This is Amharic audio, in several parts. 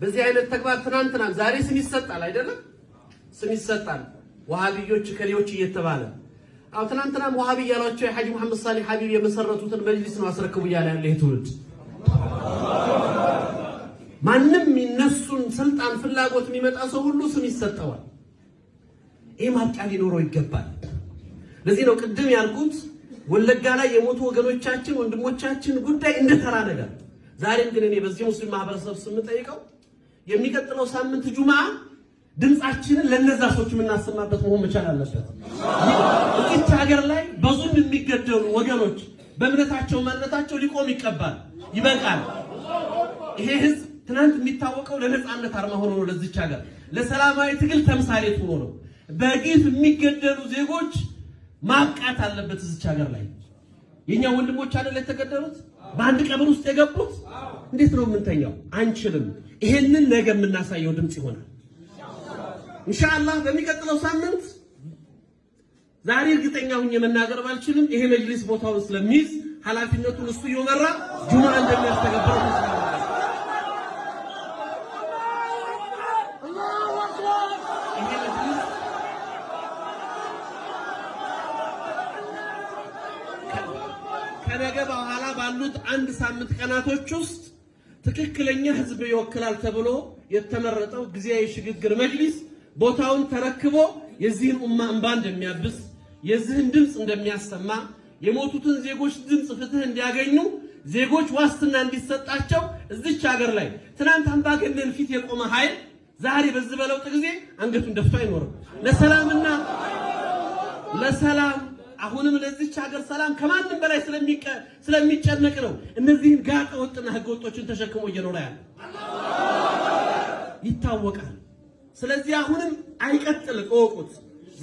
በዚህ አይነት ተግባር ትናንትናም ዛሬ ስም ይሰጣል አይደለም? ስም ይሰጣል ዋሃቢዮች ከሌዎች እየተባለ አው ትናንትናም ዋሃቢ እያሏቸው የሐጂ መሐመድ ሳሊህ ሀቢብ የመሰረቱትን መጅሊስ ነው አስረክቡ እያለ ያለ ይህ ትውልድ ማንም የነሱን ስልጣን ፍላጎት የሚመጣ ሰው ሁሉ ስም ይሰጠዋል። ይህ ማብቂያ ሊኖረው ይገባል። ለዚህ ነው ቅድም ያልኩት ወለጋ ላይ የሞቱ ወገኖቻችን ወንድሞቻችን ጉዳይ እንደተራ ነገር ዛሬም ግን እኔ በዚህ ሙስሊም ማህበረሰብ ስም ጠይቀው የሚቀጥለው ሳምንት ጁማ ድምፃችንን ለነዛ ሰዎች የምናሰማበት መሆን መቻል አለበት። እዚች ሀገር ላይ በዙም የሚገደሉ ወገኖች በእምነታቸው ማንነታቸው ሊቆም ይቀባል። ይበቃል። ይሄ ህዝብ ትናንት የሚታወቀው ለነፃነት አርማ ሆኖ ነው። ለዚች ሀገር ለሰላማዊ ትግል ተምሳሌት ሆኖ ነው። በግፍ የሚገደሉ ዜጎች ማብቃት አለበት እዚች ሀገር ላይ የኛ ወንድሞች አይደል የተገደሉት? በአንድ ቀብር ውስጥ የገቡት? እንዴት ነው የምንተኛው? አንችልም። ይሄንን ነገ የምናሳየው ድምፅ ይሆናል ኢንሻአላህ። በሚቀጥለው ሳምንት ዛሬ እርግጠኛ ሁኜ መናገር ባልችልም ይሄ መጅሊስ ቦታውን ስለሚይዝ ኃላፊነቱን እሱ እየመራ ጁሙአ እንደሚያስተገብረው ከነገ በኋላ ባሉት አንድ ሳምንት ቀናቶች ውስጥ ትክክለኛ ህዝብ ይወክላል ተብሎ የተመረጠው ጊዜያዊ ሽግግር መጅሊስ ቦታውን ተረክቦ የዚህን ኡማ እንባ እንደሚያብስ የዚህን ድምፅ እንደሚያሰማ የሞቱትን ዜጎች ድምፅ ፍትህ እንዲያገኙ ዜጎች ዋስትና እንዲሰጣቸው እዚች ሀገር ላይ ትናንት አምባገነን ፊት የቆመ ኃይል ዛሬ በዚህ በለውጥ ጊዜ አንገቱን ደፍቶ አይኖርም። ለሰላምና ለሰላም አሁንም ለዚች ሀገር ሰላም ከማንም በላይ ስለሚጨነቅ ነው እነዚህን ጋጠ ወጥና ህገ ወጦችን ተሸክሞ እየኖረ ያለ ይታወቃል። ስለዚህ አሁንም አይቀጥል እወቁት።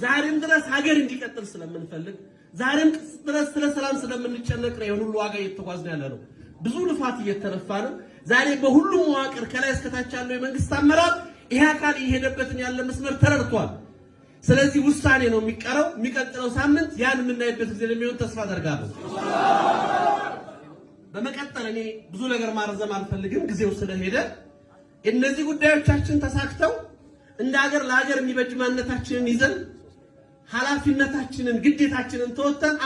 ዛሬም ድረስ ሀገር እንዲቀጥል ስለምንፈልግ ዛሬም ድረስ ስለ ሰላም ስለምንጨነቅ ነው የሁሉ ዋጋ እየተጓዝን ያለ ነው። ብዙ ልፋት እየተለፋ ነው። ዛሬ በሁሉም መዋቅር ከላይ እስከታች ያለው የመንግስት አመራር ይሄ አካል እየሄደበትን ያለ መስመር ተረድቷል። ስለዚህ ውሳኔ ነው የሚቀረው። የሚቀጥለው ሳምንት ያን የምናይበት ጊዜ ለሚሆን ተስፋ አደርጋለሁ። በመቀጠል እኔ ብዙ ነገር ማረዘም አልፈልግም፣ ጊዜው ስለሄደ እነዚህ ጉዳዮቻችን ተሳክተው እንደ ሀገር ለሀገር የሚበጅ ማንነታችንን ይዘን ኃላፊነታችንን ግዴታችንን ተወጥተን